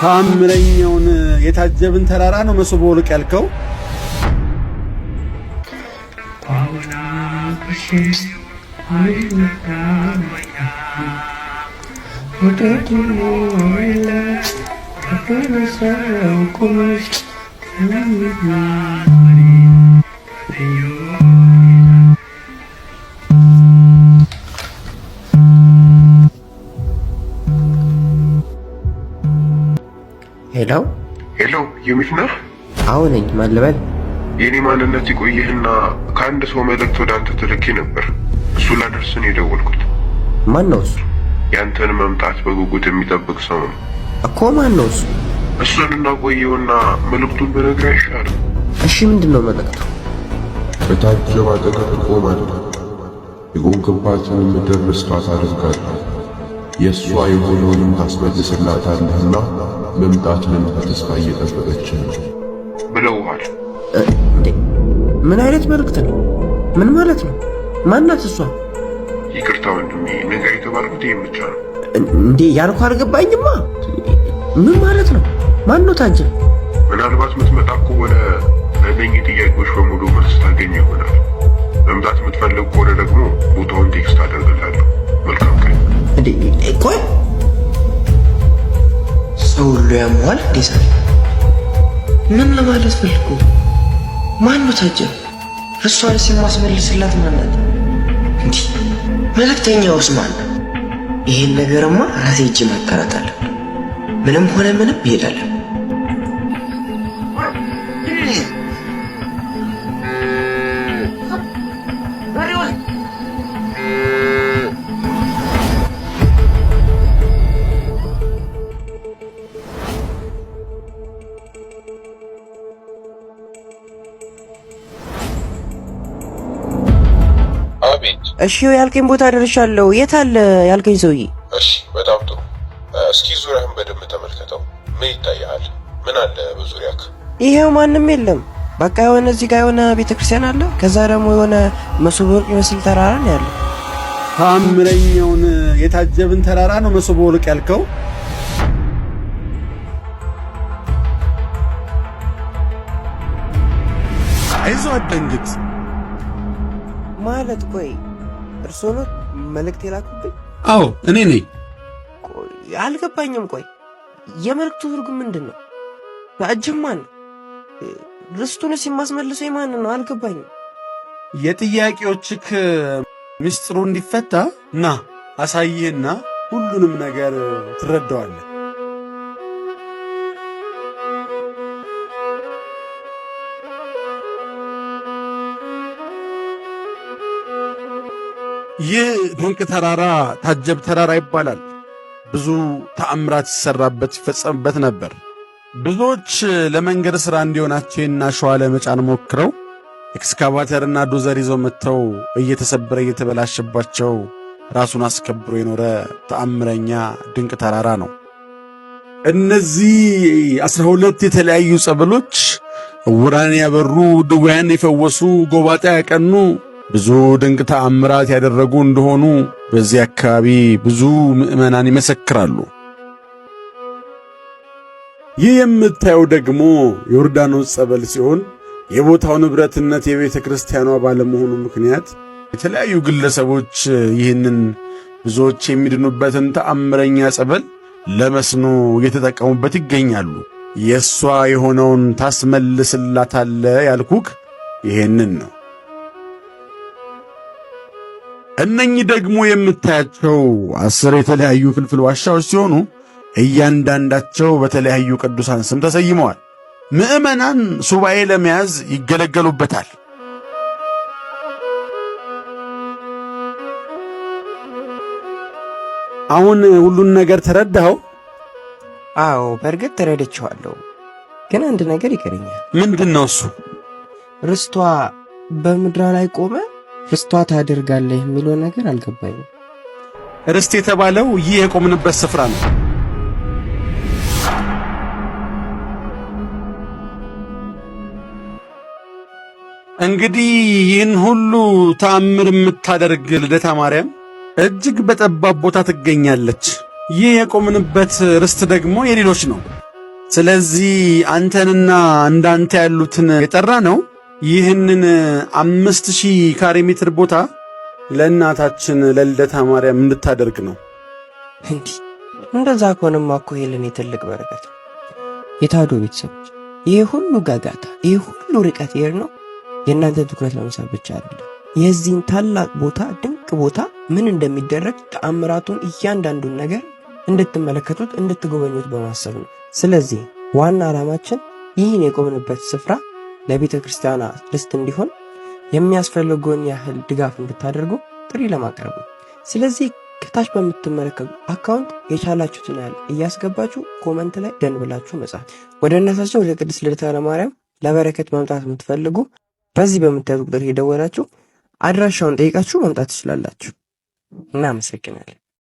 ተአምረኛውን የታጀብን ተራራ ነው መስቦ ወልቅ ያልከው። የሚለው ሄሎ የሚት ነህ? አሁን ነኝ። ማን ልበል? የእኔ ማንነት ይቆይህና ከአንድ ሰው መልእክት ወደ አንተ ትልኬ ነበር። እሱ ላደርስን የደወልኩት። ማን ነው እሱ? ያንተን መምጣት በጉጉት የሚጠብቅ ሰው ነው እኮ። ማን ነው እሱ? እሱን እናቆየውና መልእክቱን በነገር ይሻል? እሺ፣ ምንድን ነው መልእክቱ? በታጀብ አጠገብ እቆማለሁ፣ የቆምክባትን ምድር ርስቷ ታደርጋለህ፣ የእሷ የሆነውንም ታስመልስላታለህና መምጣትንም በተስፋ እየጠበቀች ነው ብለውሃል። እንዴ ምን አይነት መልእክት ነው? ምን ማለት ነው? ማናት እሷ? ይቅርታ ወንድሜ፣ ነገ የተባልኩት ይህ ብቻ ነው። እንዴ ያልኩ አልገባኝማ። ምን ማለት ነው? ማን ነው ታጅል? ምናልባት የምትመጣ ከሆነ ለእነኚህ ጥያቄዎች በሙሉ መልስ ታገኝ ይሆናል። መምጣት የምትፈልግ ከሆነ ደግሞ ቦታውን ቴክስት አደርግላለሁ። መልካም ቀን። እንዴ ቆይ ሰው ሁሉ እንዴ ዴሳ ምን ለማለት ፈልጎ ማን ነው ታጀብ? እሷንስ የማስመልስላት ማናት? እንዲህ መልእክተኛውስ ማን ነው? ይሄን ነገርማ ራሴ እጅ መከራታለሁ። ምንም ሆነ ምንም ይሄዳለሁ። እሺ ያልከኝ ቦታ ደርሻለሁ። የት አለ ያልከኝ ሰውዬ? እሺ በጣም ጥሩ። እስኪ ዙሪያህን በደንብ ተመልከተው። ምን ይታያል? ምን አለ በዙሪያክ? ይሄው ማንም የለም። በቃ የሆነ እዚህ ጋር የሆነ ቤተክርስቲያን አለ። ከዛ ደግሞ የሆነ መሶበ ወርቅ ይመስል ተራራ ነው ያለ። ታምረኛውን የታጀብን ተራራ ነው መሶበ ወርቅ ያልከው? አይዞ አትደንግጥ። ማለት ቆይ እርስዎ ነው መልእክት የላኩብኝ? አዎ እኔ ነኝ። አልገባኝም። ቆይ የመልእክቱ ትርጉም ምንድን ነው? በእጅህ ማን ነው? ርስቱንስ የማስመልሰው ነው? አልገባኝም። የጥያቄዎችክ ምስጢሩ እንዲፈታ ና አሳይህና ሁሉንም ነገር ትረዳዋለህ። ይህ ድንቅ ተራራ ታጀብ ተራራ ይባላል። ብዙ ተአምራት ሲሰራበት ይፈጸምበት ነበር። ብዙዎች ለመንገድ ሥራ ና ሸዋ ለመጫን ሞክረው ኤክስካቫተርና ዶዘር ይዘው መጥተው እየተሰበረ እየተበላሸባቸው ራሱን አስከብሮ የኖረ ተአምረኛ ድንቅ ተራራ ነው። እነዚህ አስራ ሁለት የተለያዩ ጸበሎች ዕውራን ያበሩ፣ ድውያን የፈወሱ፣ ጎባጣ ያቀኑ ብዙ ድንቅ ተአምራት ያደረጉ እንደሆኑ በዚህ አካባቢ ብዙ ምዕመናን ይመሰክራሉ። ይህ የምታየው ደግሞ ዮርዳኖስ ጸበል ሲሆን የቦታው ንብረትነት የቤተ ክርስቲያኗ ባለመሆኑ ምክንያት የተለያዩ ግለሰቦች ይህንን ብዙዎች የሚድኑበትን ተአምረኛ ጸበል ለመስኖ እየተጠቀሙበት ይገኛሉ። የእሷ የሆነውን ታስመልስላታለ ያልኩክ ይሄንን ነው። እነኚህ ደግሞ የምታያቸው አስር የተለያዩ ፍልፍል ዋሻዎች ሲሆኑ እያንዳንዳቸው በተለያዩ ቅዱሳን ስም ተሰይመዋል። ምዕመናን ሱባኤ ለመያዝ ይገለገሉበታል። አሁን ሁሉን ነገር ተረዳኸው? አዎ፣ በእርግጥ ተረድቼዋለሁ። ግን አንድ ነገር ይቀርኛል። ምንድን ነው እሱ? ርስቷ በምድራ ላይ ቆመ ፍስቷ ታደርጋለህ የሚለው ነገር አልገባኝም። ርስት የተባለው ይህ የቆምንበት ስፍራ ነው። እንግዲህ ይህን ሁሉ ተአምር የምታደርግ ልደታ ማርያም እጅግ በጠባብ ቦታ ትገኛለች። ይህ የቆምንበት ርስት ደግሞ የሌሎች ነው። ስለዚህ አንተንና እንዳንተ ያሉትን የጠራ ነው ይህንን አምስት ሺህ ካሬ ሜትር ቦታ ለእናታችን ለልደታ ማርያም እንድታደርግ ነው። እንዲህ እንደዛ ከሆነማ እኮ ይልን ትልቅ በረከት። የታዶ ቤተሰቦች ይህ ሁሉ ጋጋታ፣ ይህ ሁሉ ርቀት ይሄድ ነው የእናንተ ትኩረት ለመሳብ ብቻ አይደለም። የዚህን ታላቅ ቦታ ድንቅ ቦታ ምን እንደሚደረግ ተአምራቱን፣ እያንዳንዱን ነገር እንድትመለከቱት እንድትጎበኙት በማሰብ ነው። ስለዚህ ዋና ዓላማችን ይህን የቆምንበት ስፍራ ለቤተ ክርስቲያኗ ርስት እንዲሆን የሚያስፈልገውን ያህል ድጋፍ እንድታደርጉ ጥሪ ለማቅረብ ነው። ስለዚህ ከታች በምትመለከቱ አካውንት የቻላችሁትን ያህል እያስገባችሁ ኮመንት ላይ ደን ብላችሁ መጻፍ። ወደ እናታችን ወደ ቅድስት ልደታ ማርያም ለበረከት መምጣት የምትፈልጉ በዚህ በምታዩ ቁጥር ሄደወላችሁ አድራሻውን ጠይቃችሁ መምጣት ትችላላችሁ። እናመሰግናለን።